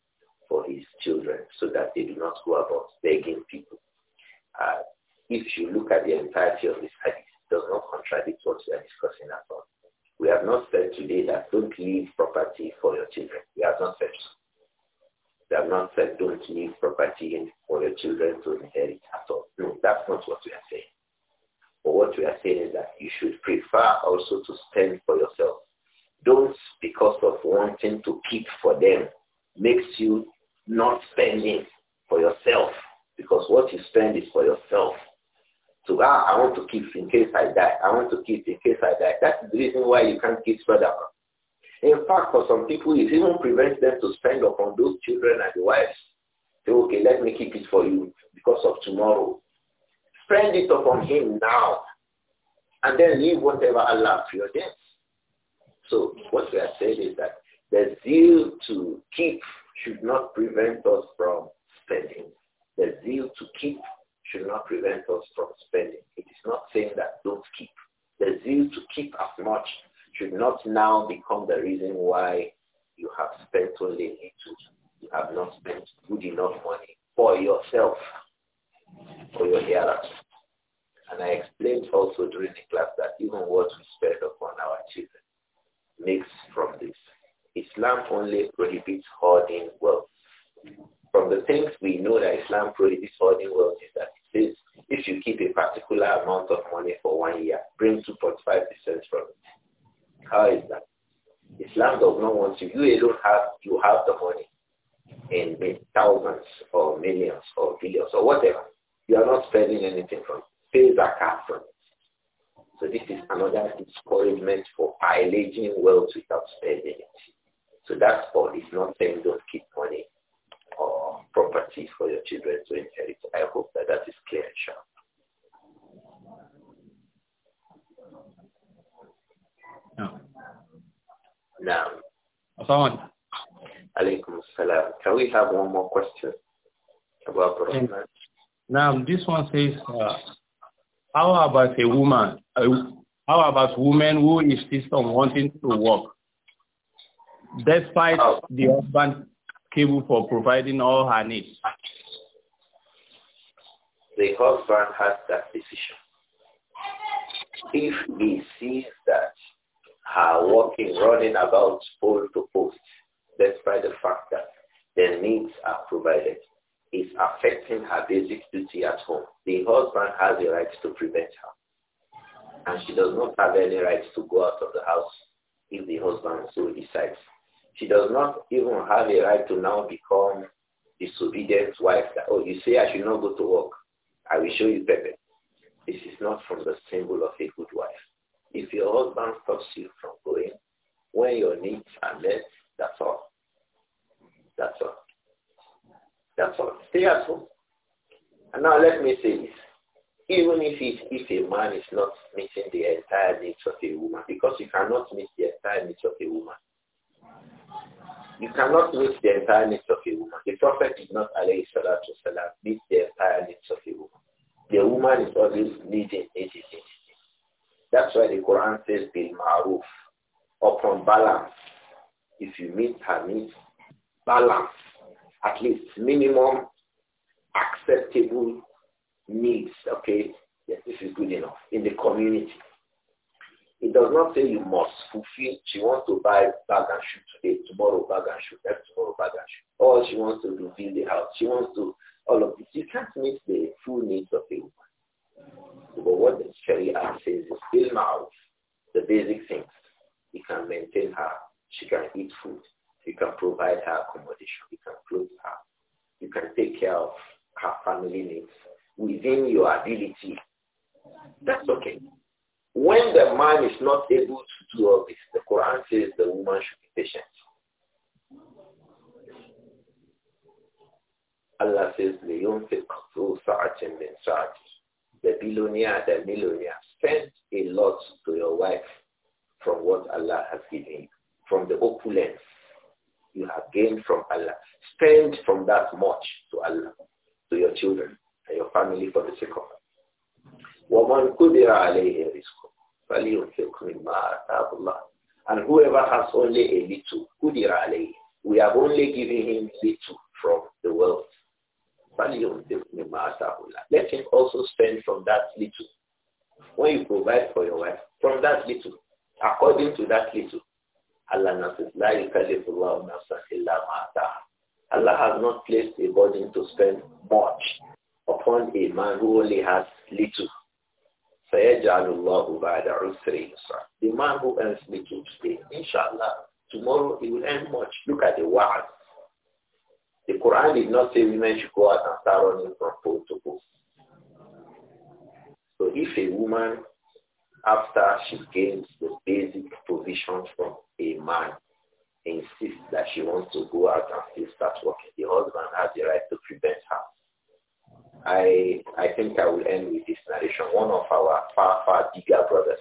for his children so that they do not go about begging people. Uh, if you look at the entirety of this hadith, it does not contradict what we are discussing at all. We have not said today that don't leave property for your children. We have not said so. They have not said don't leave property for your children to inherit at all. No, that's not what we are saying. But what we are saying is that you should prefer also to spend for yourself. Don't, because of wanting to keep for them, makes you not spending for yourself. Because what you spend is for yourself. So ah, I want to keep in case I die. I want to keep in case I die. That's the reason why you can't keep further. In fact, for some people, it even prevents them to spend upon those children and the wives. Say, okay, let me keep it for you because of tomorrow. Spend it upon him now and then leave whatever Allah preordains. So what we are saying is that the zeal to keep should not prevent us from spending. The zeal to keep should not prevent us from spending. It is not saying that don't keep. The zeal to keep as much should not now become the reason why you have spent only little, you have not spent good enough money for yourself, for your heirs. And I explained also during the class that even what we spend upon our children makes from this. Islam only prohibits hoarding wealth. From the things we know that Islam prohibits hoarding wealth is that it says if you keep a particular amount of money for one year, bring 2.5% from it. How is that? Islam does not want you. You alone have you have the money in thousands or millions or billions or whatever. You are not spending anything from it. Pay zakat from it. So this is another discouragement for piling wealth without spending it. So that's all. it's not saying don't keep money or properties for your children to inherit. I hope that that is clear, sir. Now. salam. Can we have one more question about Rahman? Now, this one says, uh, how about a woman? Uh, how about women who insist on wanting to work? Despite oh. the husband capable for providing all her needs. The husband has that decision. If he sees that are walking, running about pole to post, despite the fact that their needs are provided, is affecting her basic duty at home. The husband has a right to prevent her. And she does not have any right to go out of the house if the husband so decides. She does not even have a right to now become disobedient wife that, oh, you say I should not go to work. I will show you Pepe. This is not from the symbol of a good wife. If your husband stops you from going when your needs are met, that's all. That's all. That's all. Stay at home. And now let me say this. Even if it, if a man is not meeting the entire needs of a woman, because you cannot meet the entire needs of a woman. You cannot meet the entire needs of a woman. The Prophet did not, alayhi to salam, meet the entire needs of a woman. The woman is always needing, anything. That's why the Quran says bil ma'roof, upon balance. If you meet her needs, balance, at least minimum acceptable needs, okay? Yes, this is good enough in the community. It does not say you must fulfill. She wants to buy bag and shoe today, tomorrow bag and shoe, next tomorrow bag and shoe. Or she wants to reveal the house. She wants to all of this. You can't meet the full needs of a woman what the Sharia says is bil ma'ruf, the basic things. You can maintain her. She can eat food. You can provide her accommodation. You can clothe her. You can take care of her family needs within your ability. That's okay. When the man is not able to do all this, the Quran says the woman should be patient. Allah says, the billionaire, the millionaire, spend a lot to your wife from what Allah has given you, from the opulence you have gained from Allah. Spend from that much to Allah, to your children and your family for the sake of Allah. And whoever has only a little, We have only given him little from the wealth let him also spend from that little. When you provide for your wife, from that little, according to that little, Allah has not placed a burden to spend much upon a man who only has little. The man who earns little today, inshallah, tomorrow he will earn much. Look at the wa'ad the Quran did not say women should go out and start running from pole to pole. So if a woman, after she gains the basic provisions from a man, insists that she wants to go out and still start working, the husband has the right to prevent her. I I think I will end with this narration. One of our far, far bigger brothers,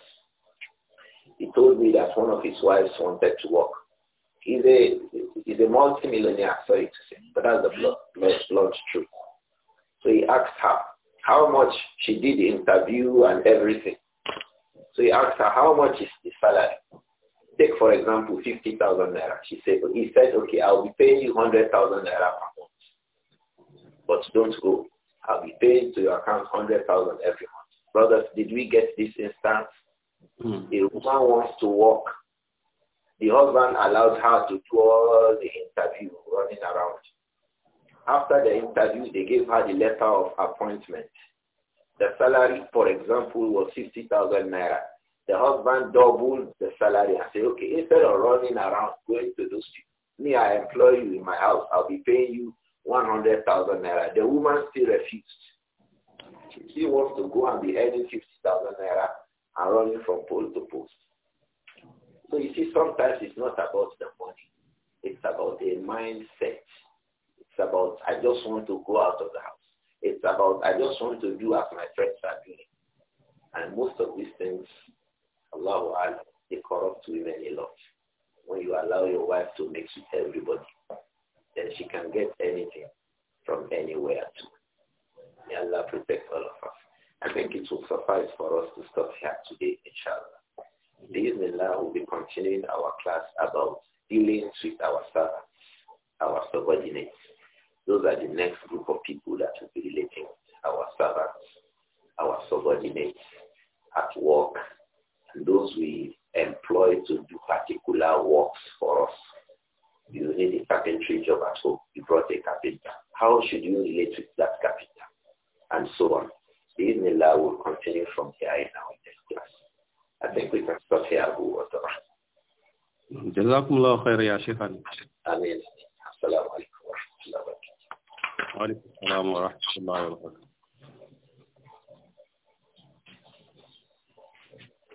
he told me that one of his wives wanted to work He's a, he's a multimillionaire, sorry to say, but that's the blunt, blunt truth. So he asked her how much she did the interview and everything. So he asked her, how much is the salary? Take, for example, 50,000 naira. She said, he said, okay, I'll be paying you 100,000 naira per month. But don't go. I'll be paying to your account 100,000 every month. Brothers, did we get this instance? Mm. A woman wants to work the husband allowed her to do all the interview running around. After the interview, they gave her the letter of appointment. The salary, for example, was 50,000 naira. The husband doubled the salary and said, okay, instead of running around going to those people, me, I employ you in my house. I'll be paying you 100,000 naira. The woman still refused. She wants to go and be earning 50,000 naira and running from pole to post. So you see, sometimes it's not about the money. It's about a mindset. It's about, I just want to go out of the house. It's about, I just want to do as my friends are doing. And most of these things, Allahu Akbar, they corrupt women a lot. When you allow your wife to mix with everybody, then she can get anything from anywhere too. May Allah protect all of us. I think it will suffice for us to stop here today, inshallah we will be continuing our class about dealing with our servants, our subordinates. Those are the next group of people that will be relating our servants, our subordinates at work, and those we employ to do particular works for us. You need a carpentry job at home. You brought a carpenter. How should you relate with that carpenter? And so on. Bismillah will continue from here in our next class. I think we can stop here, Abu Wasserman. جزاكم الله خير يا شيخنا. آمين. السلام عليكم ورحمة الله وبركاته. وعليكم السلام ورحمة الله وبركاته.